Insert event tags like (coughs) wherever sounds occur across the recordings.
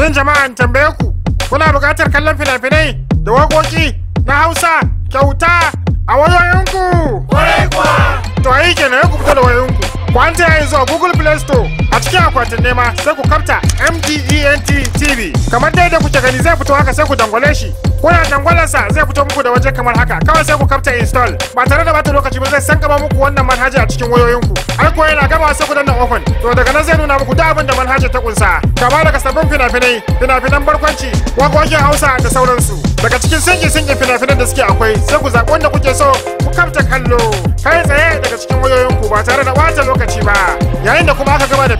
Shin an tambaye ku kuna buƙatar kallon fina-finai da waƙoƙi na Hausa kyauta a wayoyinku? Ƙwarai kuwa! To ayi kenan ya ku da wayoyinku. Ku an yanzu a Google Play Store a cikin akwatin nema sai ku kafta mdent tv kamar dai da kuke gani zai fito haka sai ku dangwale shi kuna dangwalarsa zai fito muku da waje kamar haka kawai sai ku kafta install ba tare da bata lokaci ba zai san gaba muku wannan manhaja a cikin wayoyinku har ko yana gama sai ku danna open to daga nan zai nuna muku duk abin da manhaja ta kunsa kama daga sabbin fina-finai fina-finan barkwanci waƙoƙin hausa da sauransu daga cikin sinki-sinki fina-finan da suke akwai sai ku zaɓi wanda kuke so ku kamta kallo kai tsaye daga cikin wayoyinku ba tare da ɓata lokaci ba yayin da kuma aka gama da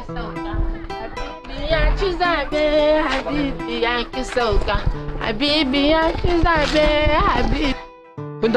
ki sauka habibi ya ci zabe habibi ya ki sauka habibi ya ci zabe habibi kun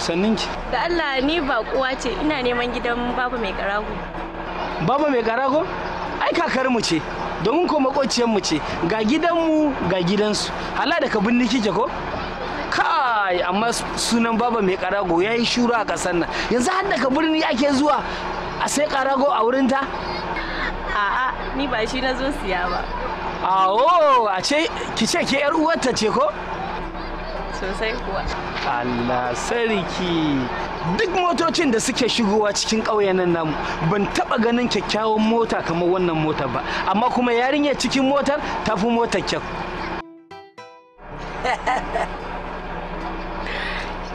wasannin ki da Allah ni ba kuwa ce ina neman gidan baba mai karago baba mai karago ai kakar mu ce domin ko makociyar mu ce ga gidanmu ga gidansu hala da ka binne kike ko kai amma sunan baba mai karago ya yi shura a kasar nan yanzu har daga birni ake zuwa a sai karago a wurin ta a'a ni ba shi na zo siya ba awo a ce ki ce ke yar uwarta ce ko sosai kuwa Allah sarki duk motocin da suke shigowa cikin ƙauyen nan namu ban taɓa ganin kyakkyawan mota kamar wannan mota ba amma kuma yarinyar cikin motar ta fi motar kyau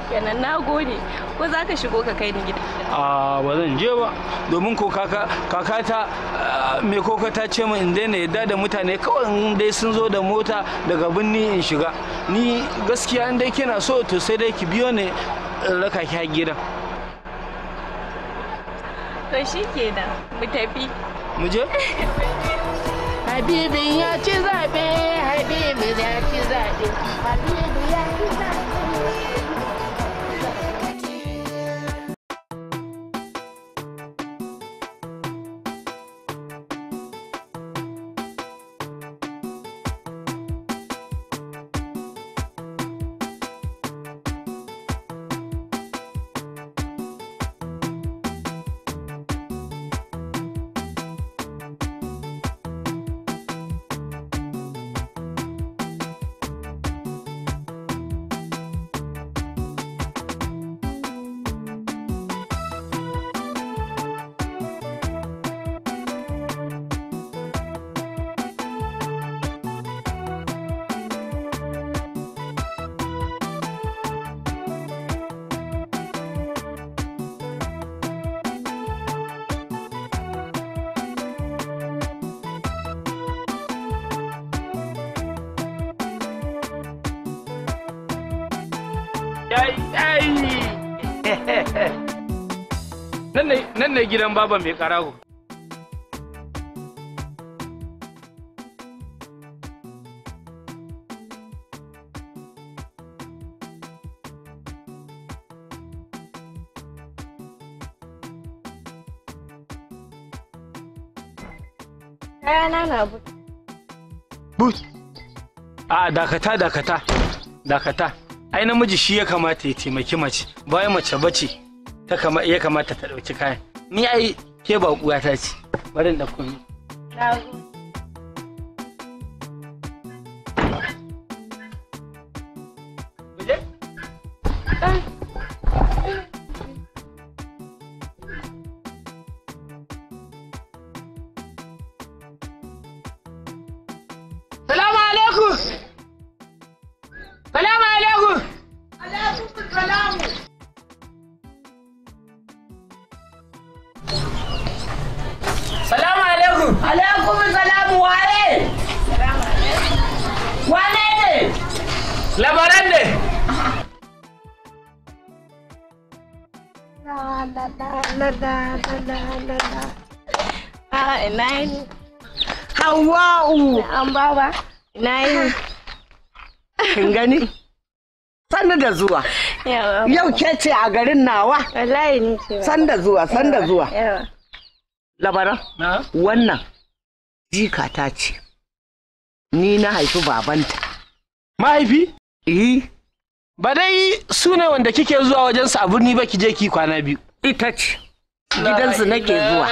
kenan na gode ko za ka shigo ka kai ni gida ba zan je ba domin ko kaka ta ah, mai koko ta ce min in daina yadda da mutane kawai in dai sun zo da mota daga birni in shiga ni gaskiya in dai kina so to sai dai ki biyo ne raka ki gidan to shi kenan mu tafi mu je (laughs) habibin ya ci zaɓe, habibin ya ci zaɓe, habibin ya ci zaɓe. ne gidan baba mai karago. Kayana na but. A dakata dakata dakata. Ai namiji shi ya kamata ya taimaki mace, bayan mace bace ta ya kamata ta ɗauki kayan. ni ai ke ba ta ce bari in ɗauko ni. ba na yi kin gani sanda da zuwa yau ke ce a garin nawa wallahi ni ce sanda zuwa sanda zuwa labaran wannan jika ta ce ni na haifi babanta mahaifi eh ba dai su ne wanda kike zuwa wajen a birni ba ki je ki kwana biyu ita ce gidansu nake zuwa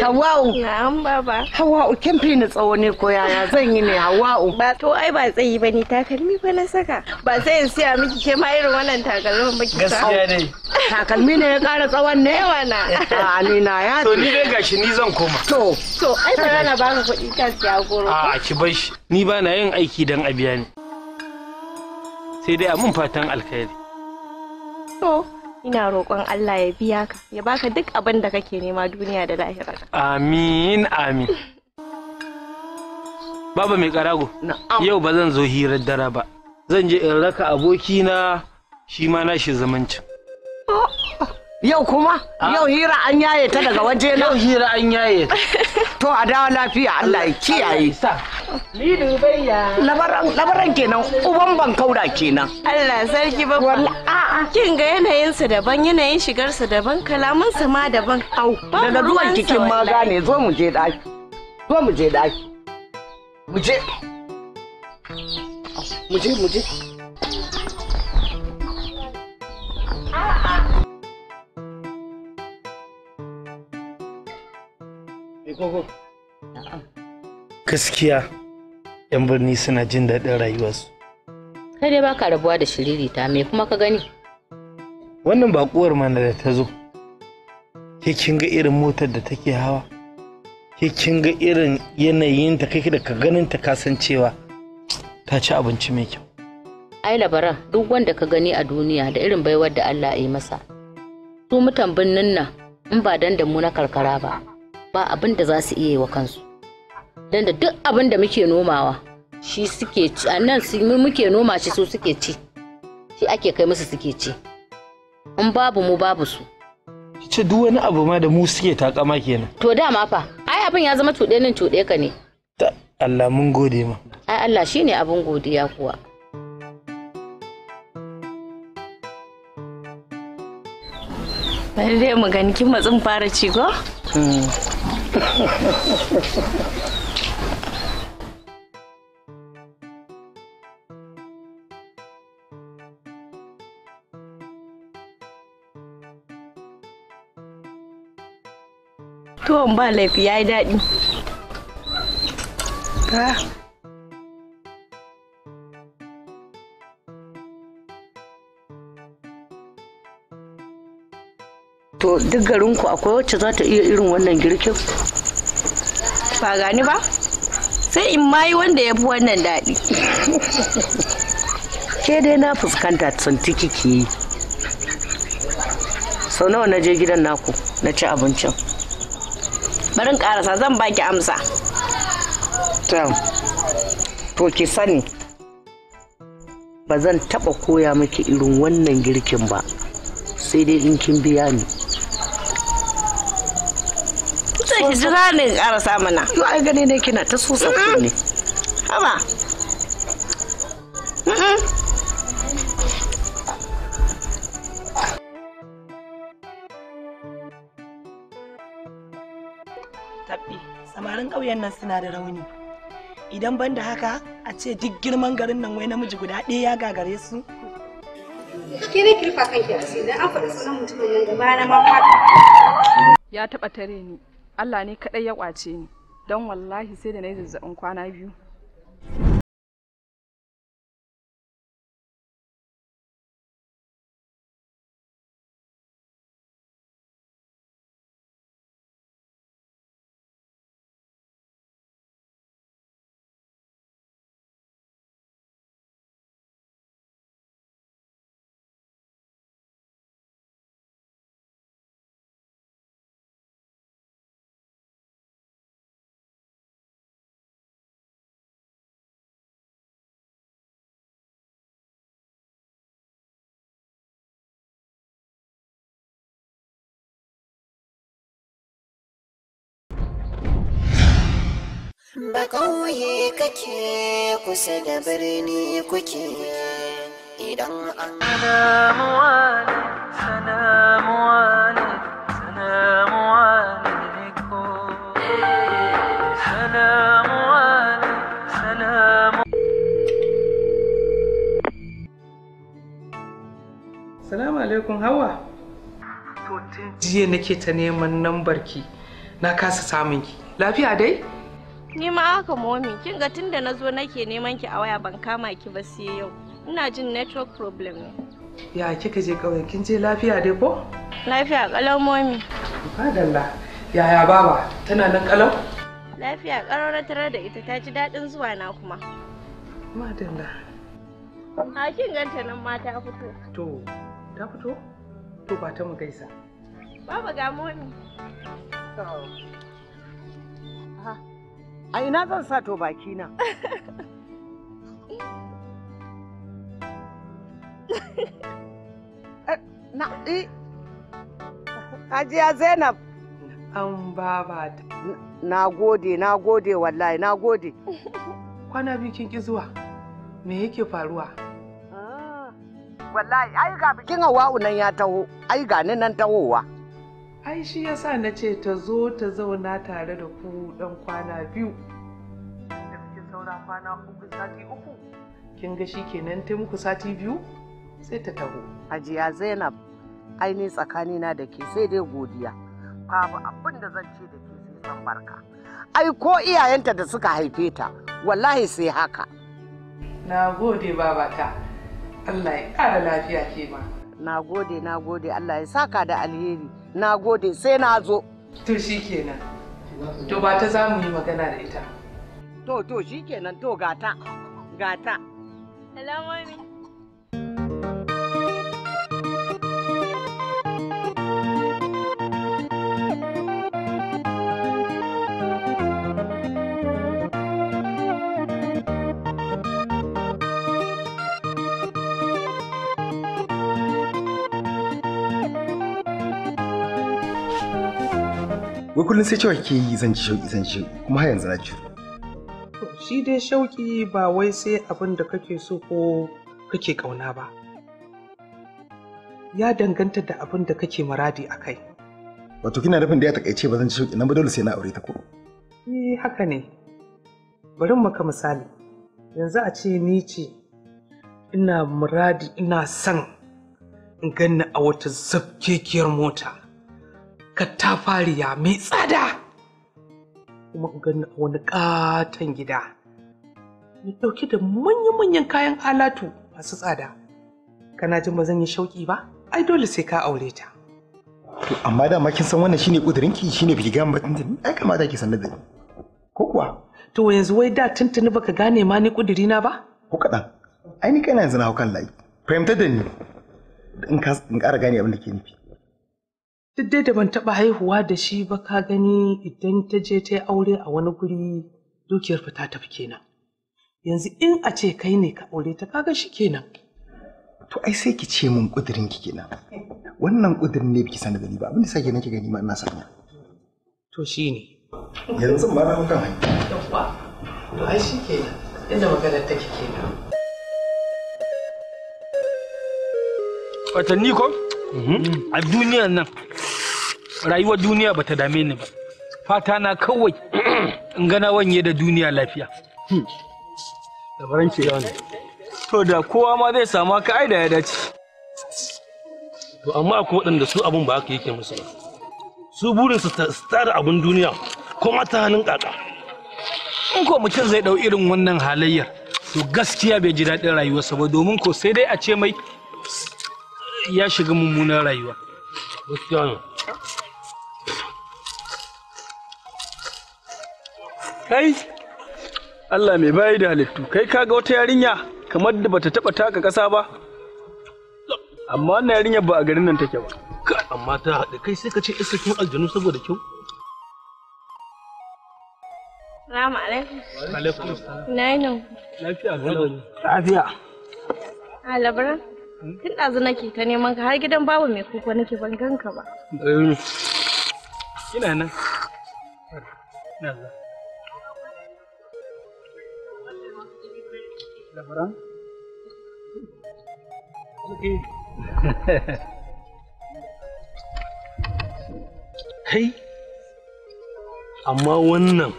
hawa'u na'am baba hawa'u kin fi ni tsawo ne ko yaya zan yi ne hawa'u ba to ai ba tsayi ba ne takalmi ba na saka ba sai in siya miki ke ma irin wannan takalmin ba ki gaskiya ne takalmi ne ya kara tsawon ne wana a ni na ya to ni dai gashi ni zan koma to to ai ba na baka kuɗi ka siya goro a ki bar shi ni ba na yin aiki dan a biya ni sai dai a mun fatan alkhairi to ina roƙon Allah ya biya ka ya baka duk abin da kake nema duniya da lahira amin amin baba mai karago yau ba zan zo hirar dara ba zan je in raka abokina shi ma na shi zamancin oh. Yau kuma? Ah. Yau hira an yaye ta daga waje na? Yau hira an yaye ta. (laughs) To a dawo lafiya Allah ya kiyaye. Lidu bayya. Labaran labaran kenan uban ban kauda kenan. Allah sarki ba. Wallahi kin ga yanayin su daban yanayin shigar su daban kalaman su ma daban. Au daga ruwan kikin ma gane zo mu je daki. Zo mu je daki. Mu je. Mu je mu je. tsoho gaskiya yan birni suna jin daɗin rayuwarsu kai dai baka rabuwa da shiririta me kuma ka gani wannan bakuwar mana da ta zo ke kin ga irin motar da take hawa ke kin ga irin yanayin ta kai da ka ganin kasancewa ta ci abinci mai kyau ai labaran duk wanda ka gani a duniya da irin baiwar da Allah ya yi masa su mutan birnin nan in ba dan da mu na karkara ba ba abin da za su iya yi wa kansu don da duk abin da muke nomawa shi suke ci a nan muke noma shi su suke ci shi ake kai musu suke ci in babu mu babu su ce duk wani abu ma da mu suke takama kenan to dama fa ai abin ya zama cuɗe nan cuɗe ka ne Allah mun gode ma ai Allah shine abin godiya kuwa bari dai mu gani kin matsin fara ci ko hmm. Tu ang balik, yay dad. Ha? to duk garin ku akwai wacce za ta iya irin wannan girkin ba gani ba sai in yi wanda ya fi wannan daɗi (laughs) ke dai na fuskanta tsanti kike yi sau nawa na je gidan naku na ci abincin barin karasa zan baki amsa to ki sani ba zan taɓa koya miki irin wannan girkin ba sai dai in kin biya ni jira ne in karasa mana yau ai gani ne kina ta sa kulle haba tabbi samarin ƙauyen nan suna da rauni idan ban da haka a ce duk girman garin nan wai namiji guda ɗaya ya gagare su ke ne kirfa kanki asiri dan an faɗi sunan mutumin nan gaba na ma ya taɓa tare ni Allah ne kaɗai ya ƙwace ni don wallahi sai da na yi zazzabin kwana biyu Ba ƙauye kake kusa da birni kuke idan an Salamu alaikum, salamu alaikum, salamu alaikum. Salamu alaikum, salamu Salamu alaikum Hauwa. To jiya nake ta neman nambarki na kasa samun ki. Lafiya dai? ni ma haka momi kin ga tunda nazo nake neman ki a waya ban kama ki ba sai yau ina jin network problem ne ya kika je kawai kin je lafiya dai ko lafiya kalau momi fadalla yaya baba tana nan kalau lafiya karara tare da ita ta ji dadin zuwa na kuma madalla a kin ganta nan ma ta fito to ta fito to ba ta mu gaisa baba ga momi A ina zan sa to baki eh, na. Na Hajiya Zainab. An baba Na gode, na gode wallahi, na gode. Kwana biyu kin ki zuwa. Me yake faruwa? Ah, wallahi, ai ga bikin Hawa'u nan ya taho, ai ga ni nan tahowa. ai shi yasa na ce ta zo ta zauna tare da ku dan kwana biyu da bikin saura kwana uku sati uku kin ga shi kenan ta muku sati biyu sai ta taho Ajiya zainab ai tsakani tsakanina da ke sai dai godiya babu abin da zan ce da ke sai san barka ai ko iyayenta da suka haife ta wallahi sai haka na gode babata Allah ya ƙara lafiya ke ma na gode na gode Allah ya saka da alheri na gode sai na zo to shikenan to ba ta za mu yi magana da ita to to shikenan to gata gata hello wai kullum sai cewa ke yi zan ci shauki zan ci shauki kuma har yanzu na ci shi dai shauki ba wai sai abin da kake so ko kake kauna ba ya danganta da abin da kake muradi a kai wato kina nufin da ya takaice ba zan ci shauki nan ba dole sai na aure ta ko eh haka ne bari mu maka misali yanzu a ce ni ce ina muradi ina son in ganni a wata zafkekiyar mota katafariya mai tsada kuma gani a wani katon gida mai ɗauke da manya-manyan kayan alatu masu tsada kana jin ba zan yi shauƙi ba ai dole sai ka aure ta to amma da kin san wannan shine kudurinki shine biki ga batun da ai kamata ki sanar da ni ko kuwa to yanzu wai da tuntuni baka gane ma ni kudirina ba ko kaɗan ai ni kaina yanzu na hau kan layi fahimtar da ni in ka ƙara gane abin da ke nufi duk dai da ban taɓa haihuwa da shi ba ka gani idan ta je ta yi aure a wani guri dukiyar ta tafi kenan yanzu in a ce kai ne ka aure ta kaga shi kenan to ai sai ki ce min kudirin ki kenan wannan kudirin ne biki sani gani ba abin da sake nake gani ma ina sanya to ne. yanzu ba na kan hanya yawa to ai shi kenan inda maganar take kenan watanni ko mhm. a duniyar nan rayuwar duniya bata dame ni ba fata na kawai in gana wanye da duniya lafiya labaran ke ne. to da kowa ma zai samu haka ai ya dace to amma akwai waɗanda su abun ba haka yake musu ba su burin su tsara abin duniya kuma ta hannun kaka in ko mutum zai dau irin wannan halayyar to gaskiya bai ji daɗin rayuwarsa ba domin ko sai dai a ce mai ya shiga mummunan rayuwa kai Allah mai bayi da halittu kai kaga wata yarinya kamar da bata taba taka kasa ba amma wannan yarinya ba a garin nan take ba amma ta haɗe kai sai ka ce isa kin aljanu saboda kyau Salamu alaikum. Alaikum. Na yi nan. Lafiya Lafiya. A labara. Tun ɗazu nake ta neman ka har gidan babu mai kuka nake ban ganka ba. Ina nan. Ina nan. labaran (laughs) amma wannan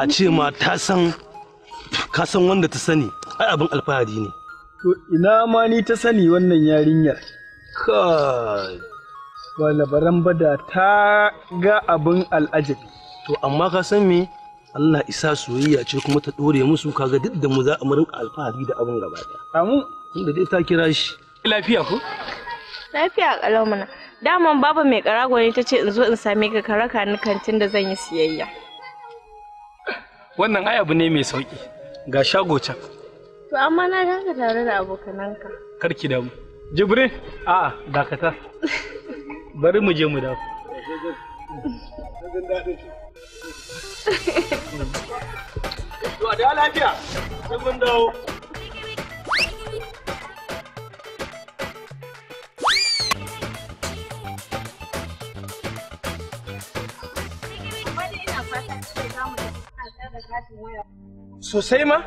a ce ma ta san ka san wanda ta sani ai abin alfahari ne to ina ma ni ta sani wannan yarinyar kai ba labaran bada ta ga abin al'ajabi to amma ka san me Allah isa soyayya ce kuma ta dore musu kaga duk da mu za a murin alfahari da abin gaba ɗaya. Amu. Tunda dai ta kira shi. Lafiya ko? Lafiya kalau mana. Daman baba mai karago ne ta ce in zo in same ka karaka ni kantin da zan yi siyayya. Wannan ai abu ne mai sauki. Ga shago can. To amma na ka tare da abokananka. Karki damu. a a'a dakata. (laughs) Bari mu je mu dawo. da lafiya, Sosai ma,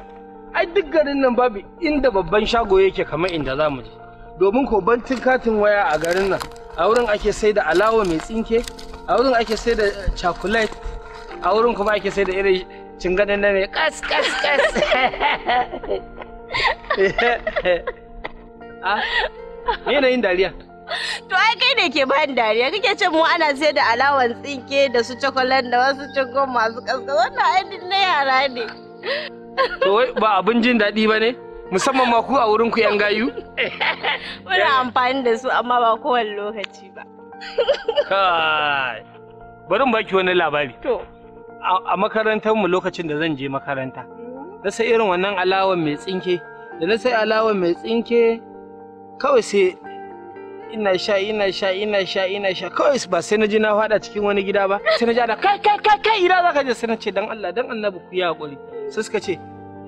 ai duk garin nan babu inda babban shago yake kamar inda zamu mu je. Domin ko bantin katin waya a garin nan, a wurin ake saida alawa mai tsinke, a wurin ake sai da chocolate, a wurin kuma ake sai da irin cinganin nan ne kas kas kas ne ah, na yin dariya to ai kai ne ke bayan dariya kake ce mu ana sai da alawan tsinke da su cokolan da wasu cokon masu kaska wannan ai na yara ne to wai ba abin jin daɗi ba ne musamman ma ku a wurin ku yan gayu muna amfani da su amma ba kowane lokaci ba bari mu baki wani labari to a makarantar mu lokacin da zan je makaranta na sai irin wannan alawa mai tsinke da na sai alawa mai tsinke kawai sai ina sha ina sha ina sha ina sha kawai ba sai na ji na fada cikin wani gida ba sai na ji ana kai kai kai kai ina zaka je sai na ce dan Allah dan annabi ku yi hakuri sai suka ce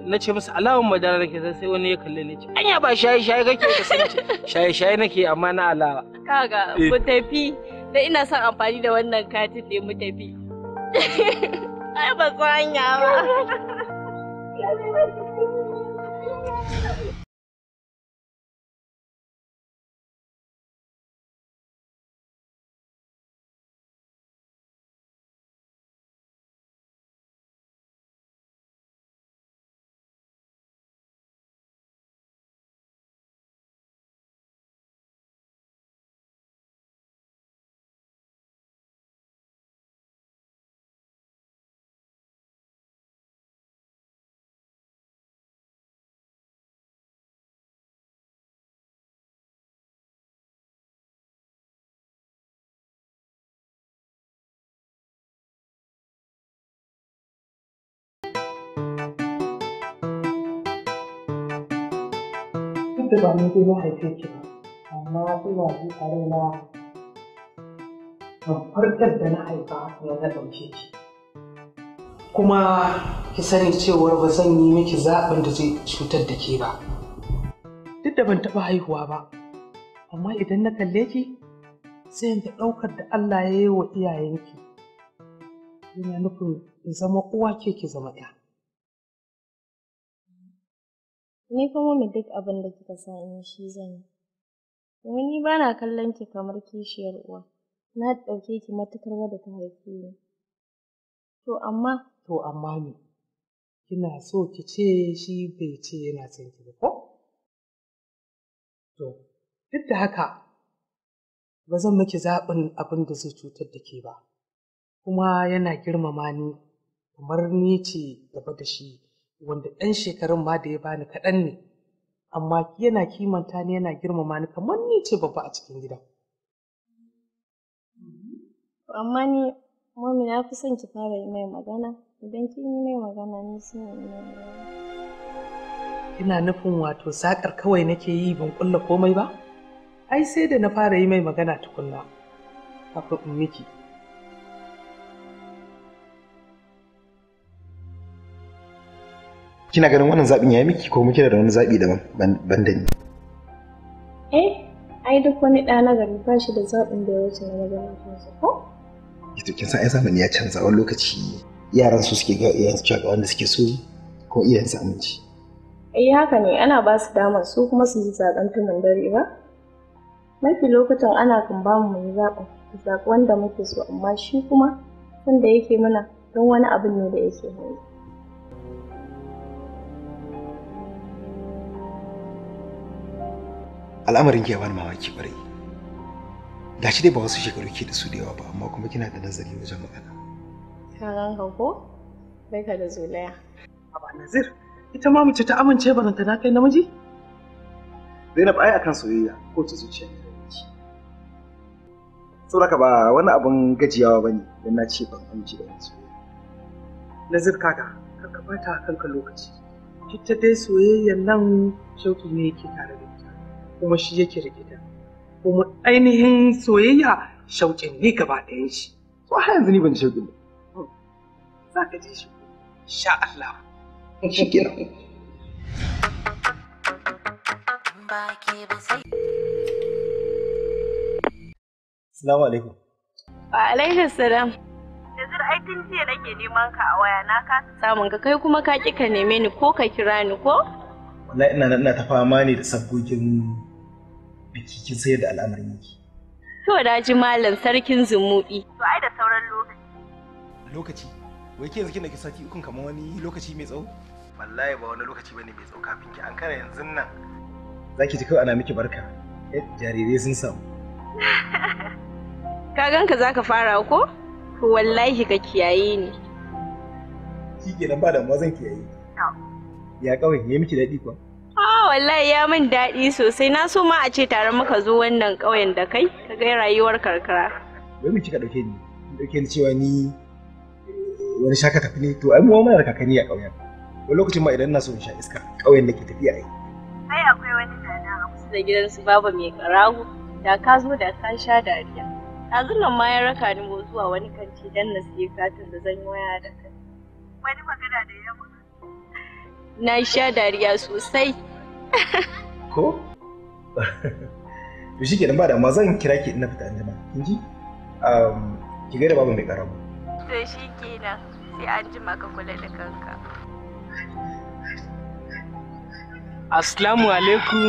na ce musu alawan madara nake sai sai wani ya kalle ni ce anya ba shaye shaye kake ka sai ce shaye shaye nake amma na alawa kaga mu tafi da ina son amfani da wannan katin da mu tafi Ai ba hanya ba. (laughs) ce ba ni zai ki ba amma ina ji da na haifa ya na ki kuma ki sani cewar ba zan yi miki zaɓin da zai cutar da ke ba duk da ban taɓa haihuwa ba amma idan na kalle ki sai da ɗaukar da Allah ya yi wa iyayenki yana nufin zama uwa ke ki zama 'ya. Ni kuma mu duk abin da kika sa in shi zan yi. Wani ni ba na kallon ki kamar kishiyar uwa, na ɗauke ki matukar wadda ta haife ni. To amma. To amma ne, kina so ki ce shi bai ce yana son ki ba ko? To, duk da haka ba zan miki zaɓin abin da zai cutar da ke ba, kuma yana girmama ni kamar ni ce gaba da shi wanda ɗan shekarun ma da ya bani kaɗan ne amma yana kimanta ni yana girmama ni kamar ni ce babba a cikin gida. amma ni mami na fi son ki fara yi mai magana idan kin yi mai magana ni sun yi mai magana. ina nufin wato saƙar kawai nake yi ban kulla komai ba ai sai da na fara yi mai magana tukunna kafin in miki. kina ganin wannan zaɓin ya miki ko muke da wani zaɓi daban ban da ni eh ai duk wani ɗa na gari ba shi da zaɓin da ya wuce na magana ko ito kin san ai zamani ya canza wani lokaci yaran su suke ga iyayen su ga wanda suke so ko iyayen su aminci eh haka ne ana ba su damar su kuma su yi zaɓen tunan dare ba mafi lokutan ana kan ba mu mai zaɓin zaɓi wanda muke so amma shi kuma wanda yake mana don wani abin ne da yake hanzu al'amarin ke ya bani mamaki kwarai shi dai ba wasu shekaru ke da su da yawa ba amma kuma kina da nazari wajen magana ka ganka ko bai ka da zulaya ba nazir ita ma mace ta amince ba ta na kai namiji Zainab ai akan soyayya ko ta zuciya ne saboda ka ba wani abun gajiyawa bane dan na ce ban amince da yanzu nazir kaga ka bata kanka lokaci ita dai soyayyan nan shauki ne yake tare da kuma shi yake rikita kuma ainihin soyayya shauƙin ne gaba ɗayan shi to har yanzu ni ban shauƙin ba hmm. za ka ji shi sha Allah shi kenan Assalamu alaikum. Wa alaikum salam. Nazir ai tun jiya nake neman ka a waya na ka samun ka kai kuma ka ki ka neme ni ko ka kira ni ko? Wallahi ina ina ta fama ne da sabgogin biki kin sayar da al'amarin yake to da ji malam sarkin zumuɗi to ai da sauran lokaci lokaci wai ke yanzu kina ki sati ukun kamar wani lokaci mai tsawo wallahi ba wani lokaci bane mai tsawo kafin ki an kara yanzu nan zaki ji kawai ana miki barka eh, jarirai sun samu (laughs) ka ganka zaka fara ko wallahi ka kiyaye ni shi kenan ba damuwa zan kiyaye ya kawai ya miki daɗi kuwa Ah, wallahi ya min daɗi sosai. Na so ma a ce tare muka zo wannan ƙauyen da kai, ka ga rayuwar karkara. Wai mun kika dauke ni? Mun Dauke ni cewa ni wani shaka tafi ne to ai mu wani da kakanni a ƙauyen. Wani lokacin ma idan na so in sha iska, ƙauyen nake tafiya ai. Ai akwai wani dana a kusa da gidansu baba mai karago, da ka zo da ka sha dariya. Yanzu nan ma ya raka ni mu zuwa wani kanti dan na siye katin da zan yi waya da kai. Wani magana da ya mutu. na sha dariya sosai (laughs) ko to shi kenan ba da ma zan kira ki na fita anjima kin ji um, ki gaida babu mai karamu to shi kenan sai anjima ka kula da kanka Assalamu alaikum.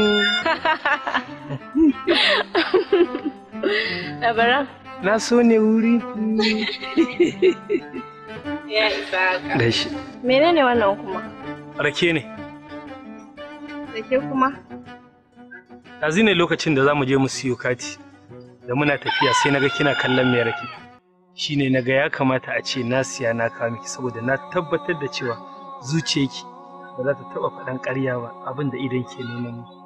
Labaran. (laughs) Na so ne wuri. (laughs) Ya isa ka. Menene wannan kuma? Rake ne. Da kuma? Yanzu ne lokacin da za mu je mu siyo kati. Da muna tafiya sai naga kina kallon mai rake. Shi ne naga ya kamata a ce na siya na kawo miki saboda na tabbatar da cewa zuciyarki ba za ta taɓa faɗan ƙarya ba abin da idan ke neman mu.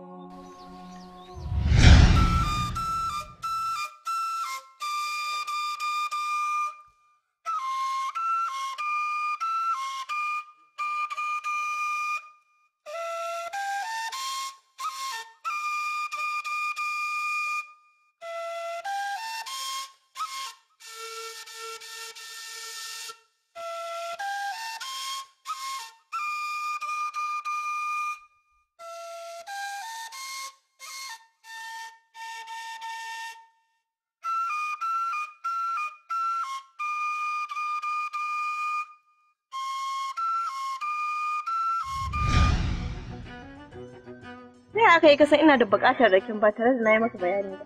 Ta yaya aka yi kasan ina da buƙatar rakin ba tare da na yi maka bayani ba?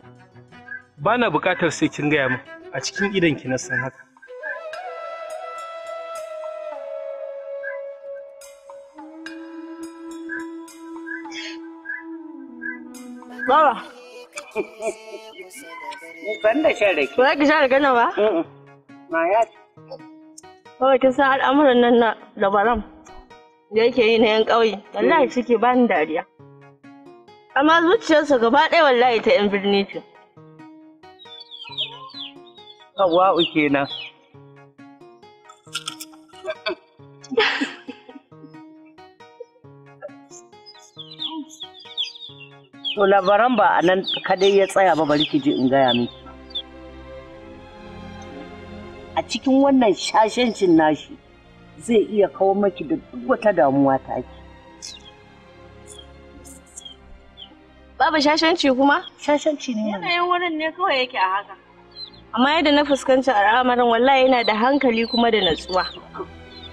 Ba na buƙatar sai kin gaya min a cikin idan ki na san haka. Bawa. Ban da shan rake. Ba ki shan rake na ba? Na ya. Kawai kin san al'amuran nan na labaran da yake yi na yan ƙauye. Wallahi suke bani dariya. amma zuciyarsa gaba ɗaya wallahi ta 'yan birni ce. Hawa'u kenan. To labaran ba a nan kadai ya tsaya ba bari ki je in gaya miki. A cikin wannan shashancin nashi zai iya kawo maki da duk wata damuwa ta babu shashanci kuma? Shashanci ne. Yanayin wurin ne kawai yake a haka. Amma yadda na fuskanci al'amarin wallahi yana da hankali kuma da natsuwa.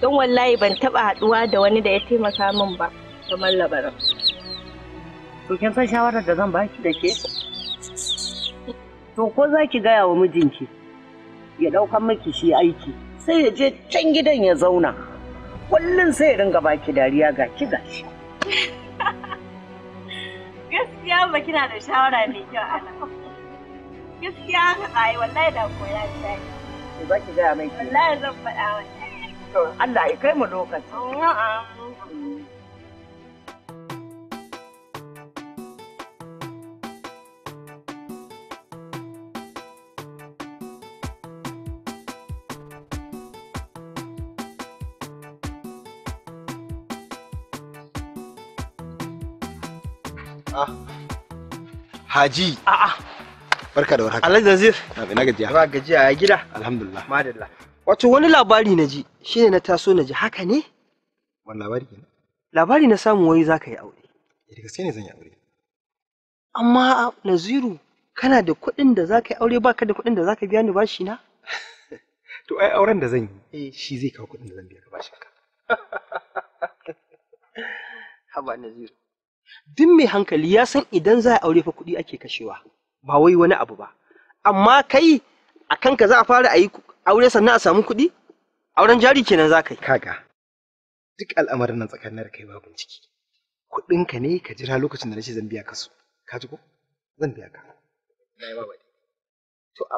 Don wallahi ban taɓa haɗuwa da wani da ya taimaka min ba kamar labarin. To kin san shawarar da zan baki da ke? To ko za ki gaya wa mijinki ya ɗaukan miki shi aiki sai ya je can gidan ya zauna. Kullum sai ya ringa baki dariya ga ki gashi. gaskiya ba kina da shawara mai kyau ana gaskiya haka tsaye wallahi da koya ta ba ki ga mai wallahi zan faɗa wa Allah ya kai mu lokaci Haji. A'a. Barka da warhaka. Alhaji Nazir. Ina gajiya. Ba gajiya ya gida. Alhamdulillah. Madallah. Wato wani labari na ji shine na taso na ji haka ne? Wani labari ne? Labari na samu wai zaka yi aure. Eh, da gaskiya ne zan yi aure. Amma Naziru kana da kuɗin da zaka yi aure ba ka da kuɗin da zaka biya ni bashi na? (laughs) To ai auren da zan yi eh shi zai kawo kuɗin da zan biya ka bashin ka. (laughs) Haba Naziru. duk mai hankali ya san idan za a aure fa kuɗi ake kashewa ba wai wani abu ba amma kai a kanka za a fara a yi aure sannan a samu kuɗi auren jari kenan za ka yi kaga duk al'amarin nan tsakanin kai ba kuɗin kuɗinka ne ka jira lokacin da na ce zan biya ka su ka ji ko zan biya ka to a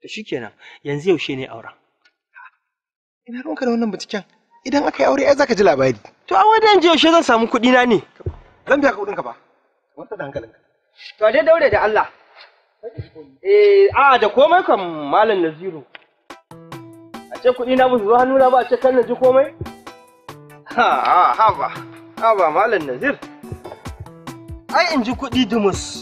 to shikenan yanzu yaushe ne auren ina ranka da wannan bincike idan aka yi aure ai zaka ji labari to a wajen yaushe zan samu kuɗi na ne zan biya ka kuɗin ka ba wanda da hankalinka to dai daure da Allah eh a da komai kan malam Naziru a ce kuɗi na musu hannu na ba a ce kan na ji komai ha ha ba ha ba malam Nazir ai in ji kuɗi dumus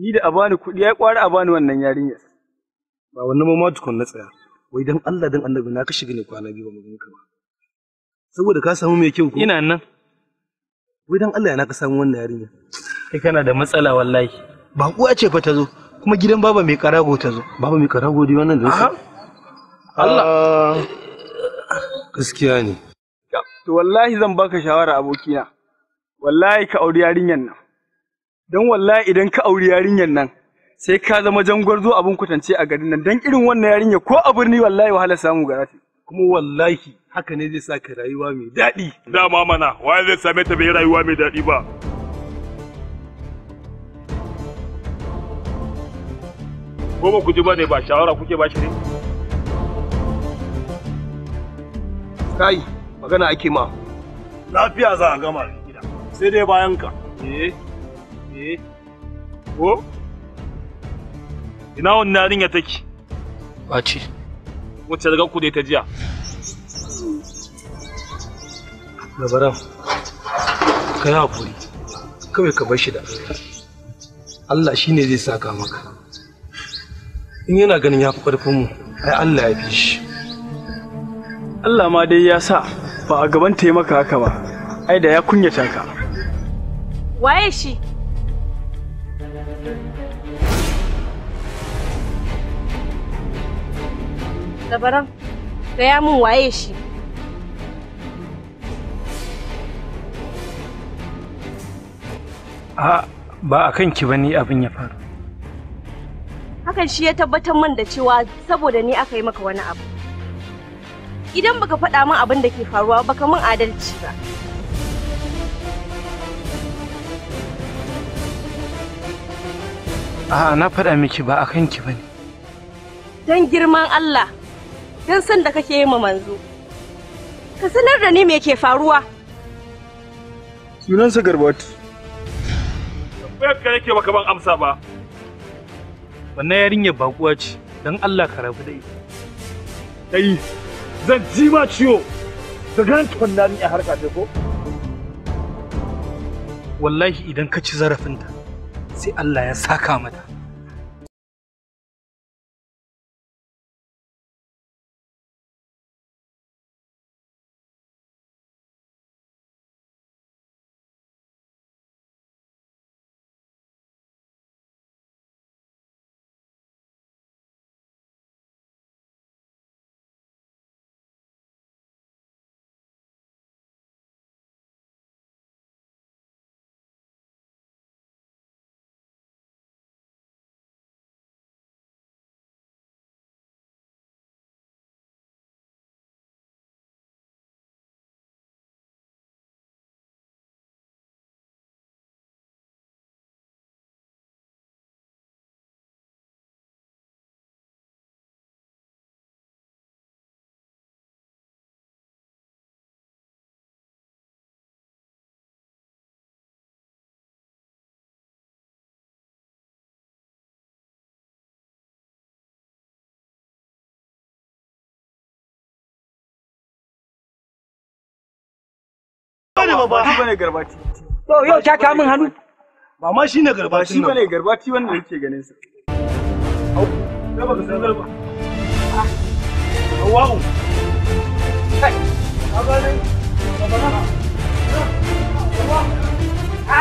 ni da a bani kuɗi ya ƙwari a bani wannan yarinyar. Ba wannan ma tukun na tsaya. Wai dan Allah dan Annabi na ka shiga ne kwana biyu ba mu ganka ba. Saboda ka samu mai kyau ko? Ina nan. Wai dan Allah ya na ka samu wannan yarinya. Kai kana da matsala wallahi. Ba kuwa ce fa ta zo kuma gidan baba mai karago ta zo. Baba mai karago dai wannan da yake. Allah. Ah, gaskiya ne. To wallahi zan baka shawara abokina. Wallahi ka auri yarinyar nan. Don wallahi idan ka auri yarinyar nan sai ka zama zuwa abin kwatance a garin nan don irin wannan yarinya ko a birni wallahi wahala samu ga rafi kuma wallahi haka ne zai sa ka rayuwa mai daɗi dama mana waye zai same ta bai rayuwa mai daɗi ba ko ba ku ji bane ba shawara kuke ba shi ne kai magana ake ma lafiya za a gama gida sai dai bayan ka eh Me? Ko? Ina wannan yarinya take? Baci. Wacce daga ku dai ita jiya? Labaran, ka yi hakuri kawai ka bar shi da Allah shi ne zai saka maka. In yana ganin ya fi mu. ai Allah ya fi shi. Allah ma dai ya sa ba a gaban taimaka haka ba, ai da ya kunyata ka. Waye shi? Labaran, gaya min waye shi. A ba a kanki ba ni abin ya faru. Hakan shi ya tabbatar min da cewa saboda ni aka yi maka wani abu. Idan baka faɗa min abin da ke faruwa baka min adalci ba. A'a na faɗa miki ba a kanki ba ne. Don girman Allah. don san da kake yi ma manzo ka sanar da ni me ke faruwa sunansa garbat ka yake baka ban amsa ba wannan yarinyar bakuwa ce don allah ka rabu da ita dai zan ji ma ciwo da ganin tukunnarin ya harka ta ko wallahi idan ka ci zarafinta sai allah ya saka mata bane ba Shi bane garbati to yau ta ka min hannu ba ma ne garbati bane garbati wanda yake ganin sa au da ka san garba Allahu kai kaga ne ba ba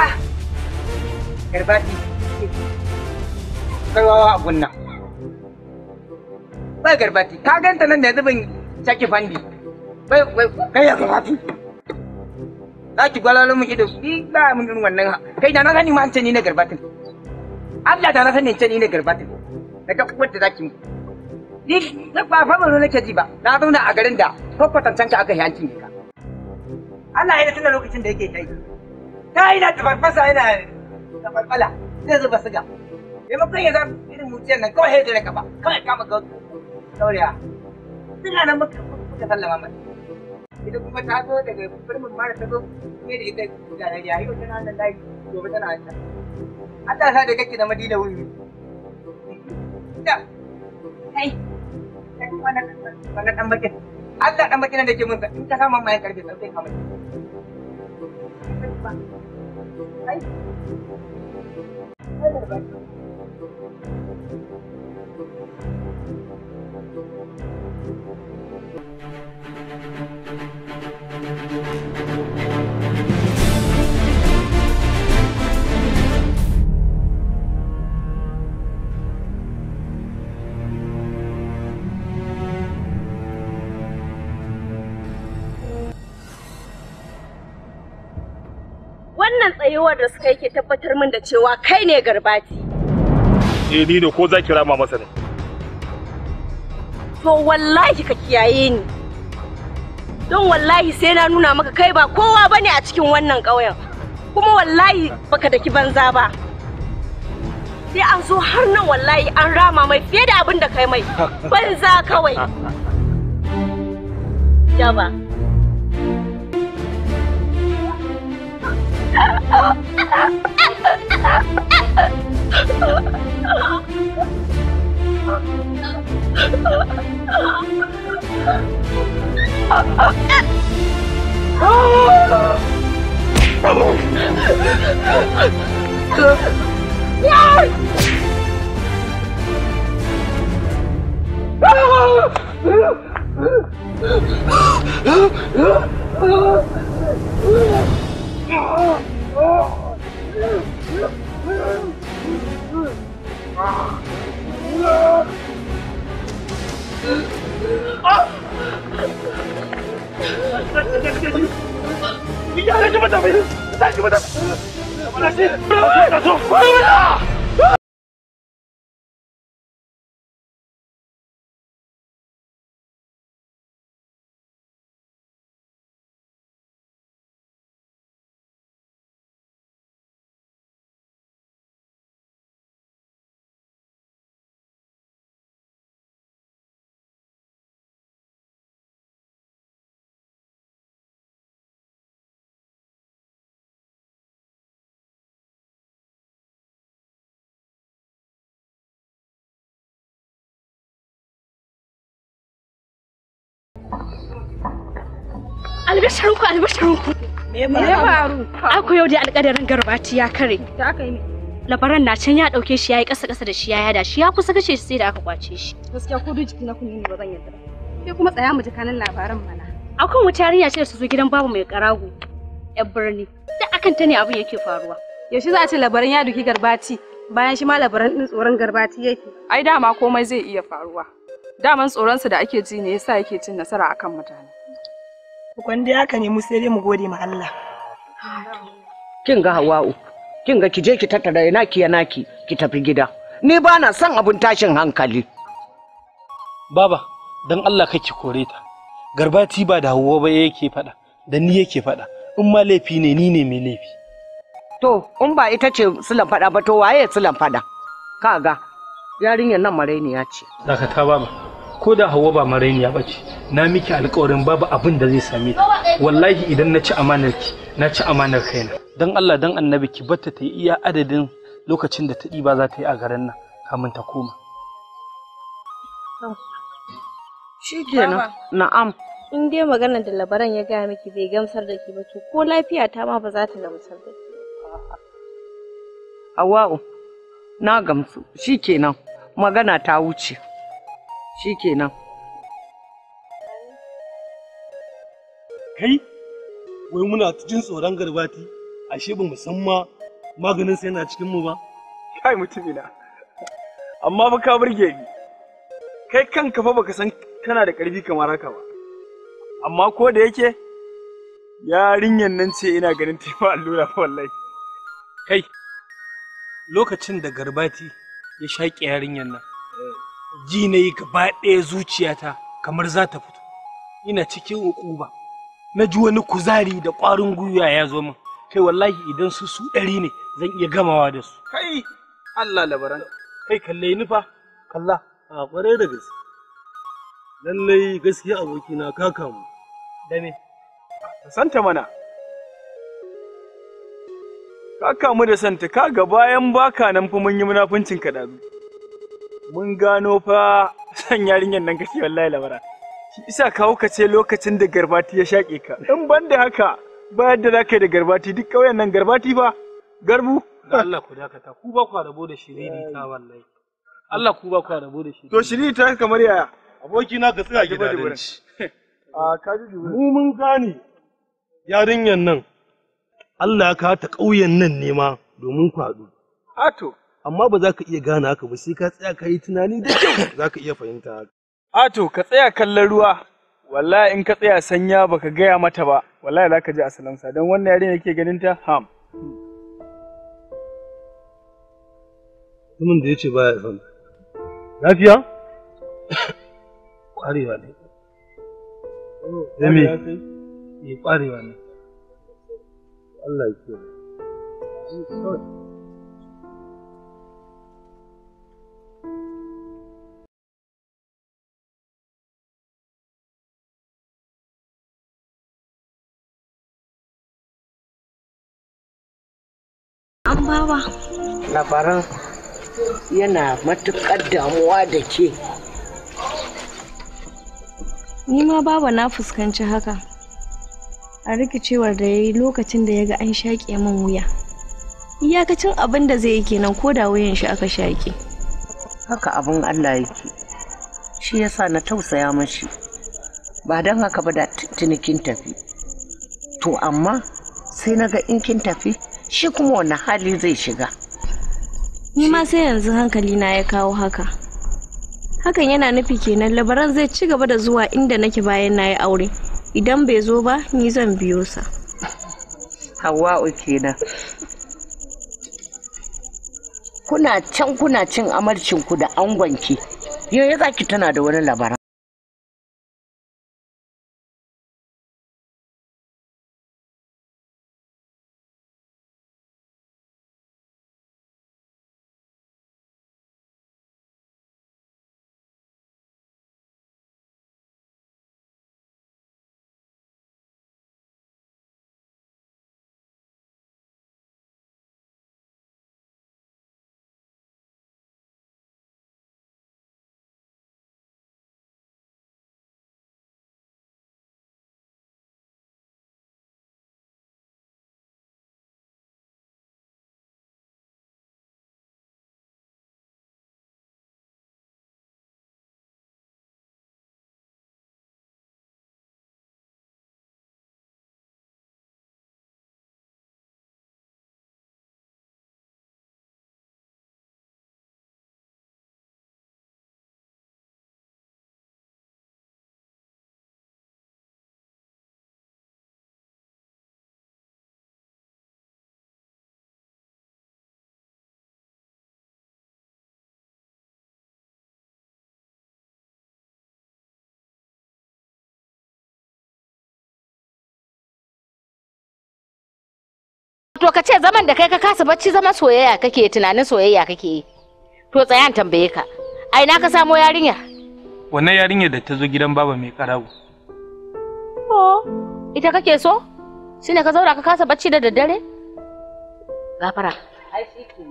ah garbati kai wawa a nan bai garbati ka ganta nan da zubin caki fandi bai bai kai garbati za ki gwalalo mu ido ni ba mun irin wannan kai da na sani ma an ce ni ne garbatin Allah da na sani ce ni ne garbatin daga kuwar da zaki mu ni na ba fa mun nake ji ba na zauna a garin da kokwatancan ka aka yanki ne ka Allah ya tuna lokacin da yake kai ta ina tafarfasa ina tafarfala zai zuba siga maimakon ya zama irin mutiyan nan kawai ya jira ka ba kawai kama ga sauriya suna nan muka sallama mai ita kuma ta zo daga birnin mara kai rawar da suka yake tabbatar min da cewa kai ne garbati. Eh ni da ko za rama masa ne. To wallahi ka kiyaye ni. Don wallahi sai na nuna maka kai ba kowa bane a cikin wannan ƙauyen. Kuma wallahi baka daki banza ba. Sai an zo har nan wallahi an rama mai fiye da abin da kai mai. (laughs) Banza kawai. Jaba. Ah! Ya, ya, cepat dah. Tak, cepat dah. Tak, cepat dah. Albashirin ku ku. Me faru? Aku yau da alƙadarin garbati ya kare. Ta kai labaran na can ya dauke shi yayi kasa kasa da shi ya yada shi ya kusa kace shi sai da aka kwace shi gaskiya ko duk ku ne ba zan yarda sai kuma tsaya mu ji kanin labaran mana akan wata yarinya ce su zo gidan babu mai karago yar birni da akan ta ne abin yake faruwa yaushe za a ce labaran ya duki garbati bayan shi ma labaran din tsoron garbati yake ai dama komai zai iya faruwa daman tsoronsa da ake ji ne yasa yake cin nasara akan mutane kun dai haka ne mu sai dai mu gode ma Allah kin ga Hawa'u kin ga ki je ki tattara naki ya naki ki tafi gida ni ba na son abun tashin hankali baba dan Allah kake kore ta garbati ba da Hawwa ba yake faɗa da ni yake faɗa in ma laifi ne ni ne mai laifi to in ba ita ce sulan faɗa ba to waye sulan faɗa kaga yarinyar nan marainiya ce dakata baba ko da hawa ba marainiya ba ce na miki alkawarin babu abin da zai same ta wallahi idan na ci amanar ki na ci amanar kaina dan Allah dan annabi ki batta ta yi iya adadin lokacin da ta diba za ta yi a garin nan kamin ta koma shikenan na'am in dai magana da labaran ya gaya miki bai gamsar da ki ba to ko lafiya ta ma ba za ta gamsar da ki Hawa'u, na gamsu, shi kenan. magana ta wuce shikenan kai wai muna jin tsoron garbati ashe ba musamman maganin sa yana cikin mu ba kai mutumina amma fa ka burge ni kai kanka fa baka san kana da karfi kamar haka ba amma ko da yake yarinyan nan ce ina ganin taifa allura wallahi kai lokacin da garbati ya shaƙe yarinyar nan ji na yi gaba ɗaya zuciyata kamar za ta fito ina cikin ukuba na ji wani kuzari da ƙwarin gwiwa ya zo min kai wallahi idan su su ɗari ne zan iya gamawa da su kai Allah labaran kai kalle ni fa kalla a ƙwarai da gaske lallai gaskiya abokina ka kamu da Ka santa mana ka kamu da santa ka ga bayan baka nan fa mun yi munafuncin ka dazu mun gano fa san yarinyar nan kake wallahi labara shi isa kawo ka ce lokacin da garbati ya shaƙe ka in ban da haka bayan da yi da garbati duk ƙauyen nan garbati fa garbu da Allah ku dakata ku ba ku rabo da shiriri ta wallahi Allah ku ba ku rabo da shiriri to shiriri ta kamar yaya aboki na ka tsaya gidan a kaji mu mun gane yarinyan nan Allah ya kawo ta ƙauyen nan ne ma domin kwaɗo. Ato. Amma ba za ka iya gane haka ba sai ka tsaya ka yi tunani da kyau (coughs) za ka iya fahimta haka. Ato ka tsaya kallon ruwa wallahi in ka tsaya sanya ba ka gaya mata ba wallahi za ka ji asalansa don wannan yarinya yake ganin ta ham. Mutumin da ya ce ba ya son lafiya? (coughs) Ƙwarewa ne. Zami, eh, ƙwarewa ne. Allah ya kiyaye An bawa. Labaran yana matuƙar damuwa da ke. Ni ma bawa na fuskanci haka. a rikicewar da ya yi lokacin da ya ga an shaƙe min wuya iyakacin abin da zai yi kenan ko da wuyan shi aka shaƙe haka abin allah yake shi yasa na tausaya mashi ba don haka ba da tuntuni tafi to amma sai na ga in kin tafi shi kuma wani hali zai shiga ni ma sai yanzu hankali na ya kawo haka hakan yana nufi kenan labaran zai ci gaba da zuwa inda nake bayan na yi aure idan bai zo ba ni zan biyo sa hawa'u kenan kuna can kuna cin amarcinku da angonki yau ya ki tana da wani labaran to ka ce zaman da kai ka kasa bacci zaman soyayya kake tunanin soyayya kake yi to tsayan tambaye ka ai na ka samo yarinya wannan yarinya da ta zo gidan baba mai karabu oh ita kake so shine ka zaura ka kasa bacci da daddare gafara ai shi ke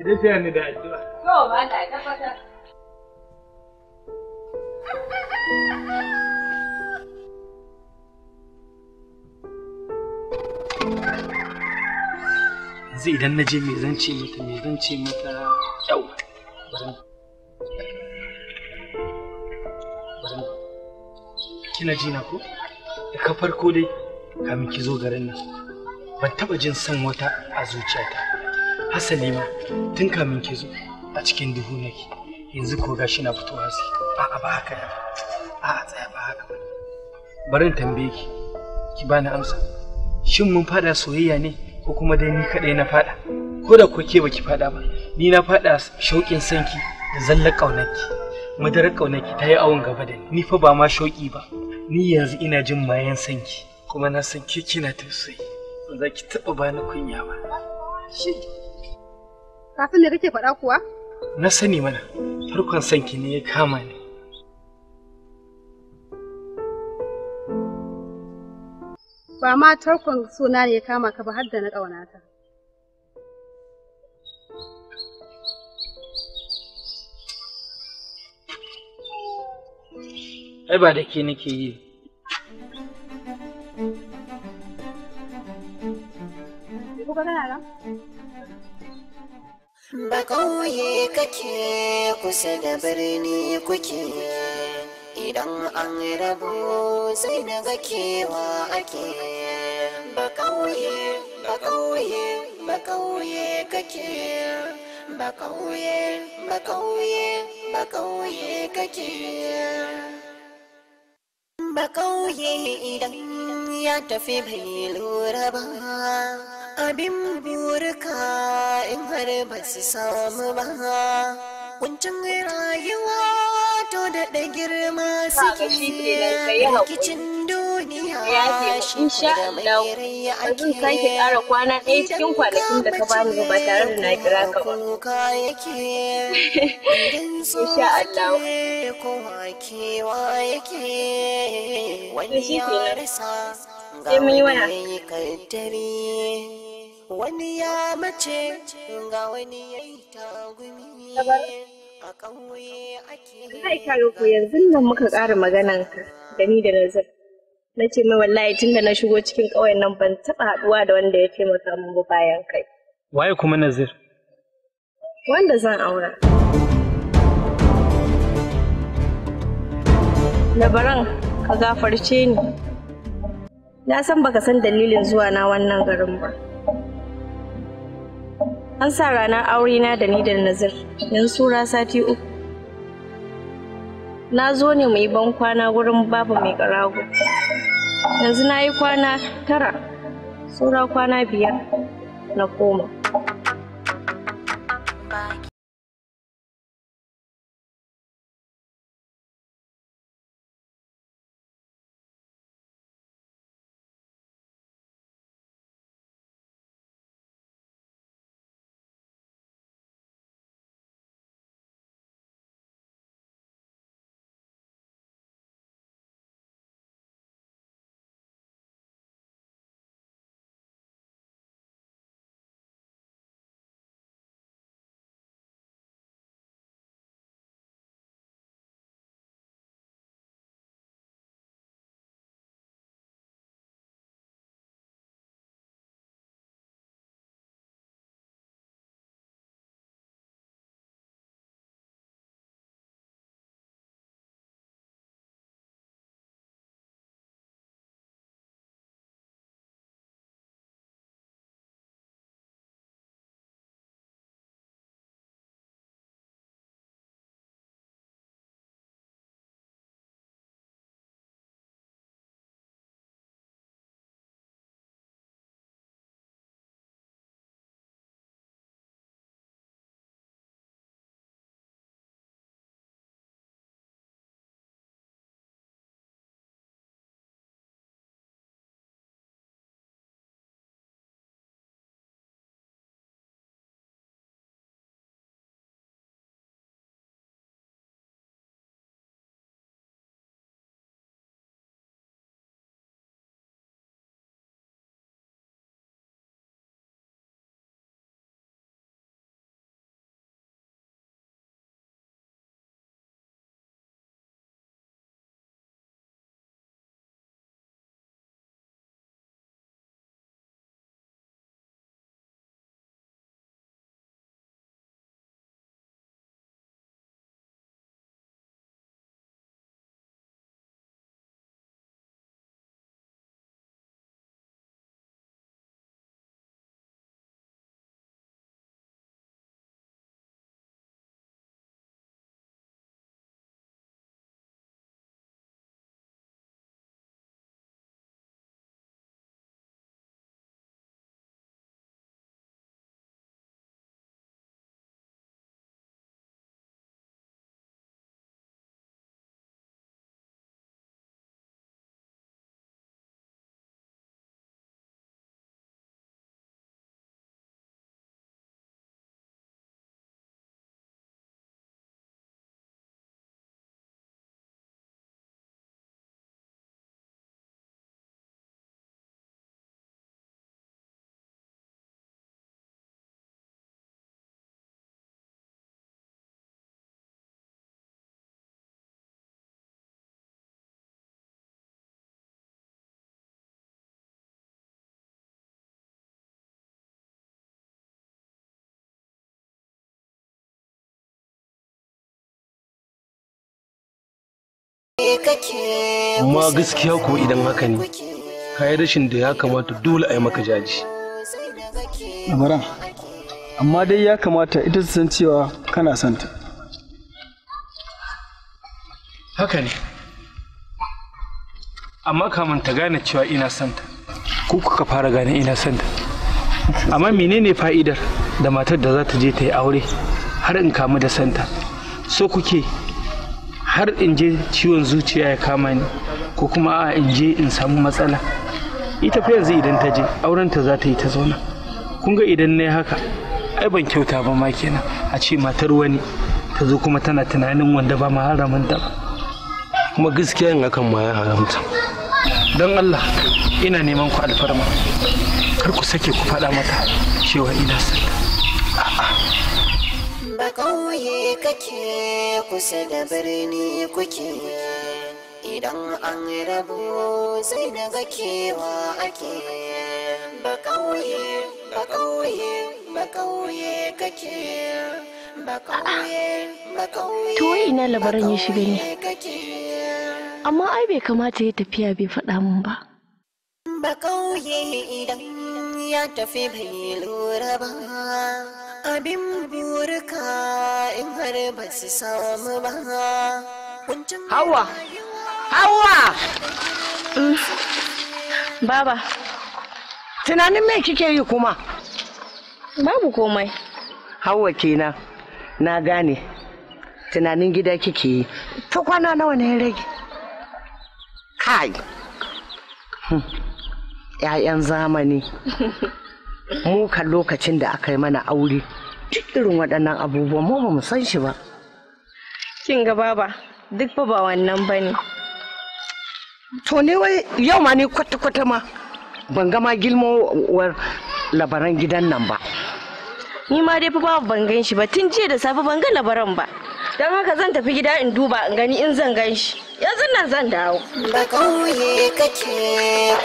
idan sai ni da addu'a to ba ta fata yanzu idan na je me zan ce mata me zan ce mata yau kina ji na ko ka farko dai kamin ki zo garin nan ban taba jin san wata a zuciyata hasali ma tun kamin ki zo a cikin duhu nake yanzu ko gashi na fito hasi a ba haka ne a tsaya ba haka bari tambaye ki ki bani amsa shin mun fada soyayya ne ko kuma dai ni kaɗai na faɗa ko da ko ke baki faɗa ba ni na faɗa shauƙin sanki da zallar ƙaunarki madarar ƙaunarki ta yi awon gaba da ni ni fa ba ma shauƙi ba ni yanzu ina jin mayan sanki kuma na san ke kina tausayi ba za ki taɓa na kunya ba shi ka san kake faɗa kuwa na sani mana farkon sanki ne ya kama ni ba ma tarkon suna ne ya kama ka ba har da na ta. Ai ba da ke nake yi. Ba ƙauye kake kusa da birni kuke. idan an rabu sai na ga kewa ake ba kauye ba kauye ba kauye kake ba kauye ba kauye ba kauye kake ba kauye idan ya tafi bai lura ba abin burka in har ba su samu ba kuncin rayuwa to da da girma suke rikicin duniya shi da mai Allah ake sake ƙara kwana ɗaya cikin kwanakin da ka bani ba ba tare da na kira ka ba insha Allah ko wa yake wani ya rasa ga mai kaddare wani ya mace ga wani ya yi gumi Zai kayo ku yanzu nan muka ƙara maganan ka da ni da Nazir. Na ce mai wallahi tun da na shigo cikin ƙauyen nan ban taɓa haɗuwa da wanda ya taimaka min ba bayan kai. Waye kuma Nazir? Wanda zan aura. Labaran ka gafarce ni. Na san baka san dalilin zuwa na wannan garin ba. An sa ranar aurena da ni da Nazir, yan sura sati uku. Na zo ne mu yi ban kwana wurin babu mai ƙarago. Yanzu na yi kwana tara, sura kwana biyar na koma. ma gaskiya ko idan haka ne kayi rashin da ya kamata dole a yi maka jaji amara amma dai ya kamata ita ta san cewa kana santa haka ne amma kamun ta gane cewa ina santa ko kuka fara gane ina santa amma menene fa'idar da matar da za ta je ta yi aure har in kamu da santa so kuke har in je ciwon zuciya ya kama ni ko kuma a in je in samu matsala ita fa yanzu idan ta je aurenta za ta yi ta zauna kun ga idan na yi haka ai ban kyauta ba ma kenan a ce matar wani ta zo kuma tana tunanin wanda ba haramun ta ba kuma gaskiya yin hakan ma ya haramta don allah ina neman ku alfarma kar ku sake ku faɗa mata cewa ina sanda ƙauye kake kusa da birni kuke idan an rabu sai na ga kewa ake ba ƙauye ba ƙauye ba ƙauye kake ba ƙauye ba ƙauye to wai ina labaran ya shiga ne amma ai bai kamata ya tafiya bai faɗa min ba ba ƙauye idan ya tafi bai lura ba abin burka in har ba su samu ba hawa hawa mm. baba tunanin me kike yi kuma babu komai hawa kenan na gane tunanin gida kike yi ta kwana nawa ne rage kai hm. ‘ya'yan zamani (laughs) Mukan lokacin da aka yi mana aure duk irin waɗannan abubuwan mu ba mu san shi ba kin ga baba duk ba ba wannan ba ne to ne wai yau ma ne kwata-kwata ma ban gama gilmowar labaran gidan nan ba ni ma dai fa babu ban gan shi ba tun jiya da safe ban ga labaran ba don haka zan tafi gida in duba in gani in zan gan shi yanzu nan zan dawo ba kauye kake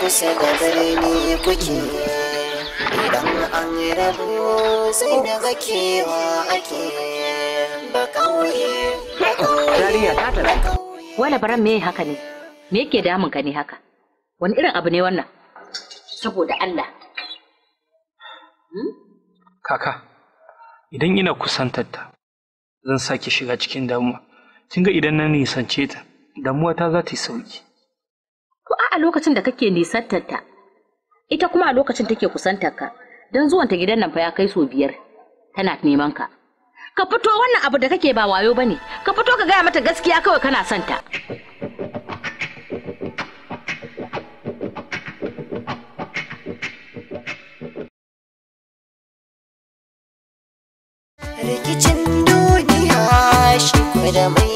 kusa da birni kuke idan an rabu sai da zakewa ake ba kauye ba kauye Wani baran me haka ne me yake damun ka ne haka wani irin abu ne wannan saboda Allah hmm? kaka idan ina kusantar ta zan sake shiga cikin damuwa kin ga idan na nisance ta damuwa ta za ta yi sauki ko a lokacin da kake nisantar ta ita kuma a lokacin take kusantar ka don ta gidan nan fa ya kai so biyar tana neman ka ka fito wannan abu da kake ba wayo bane ka fito ka gaya mata gaskiya kawai kana son ta rikicin duniya shi da mai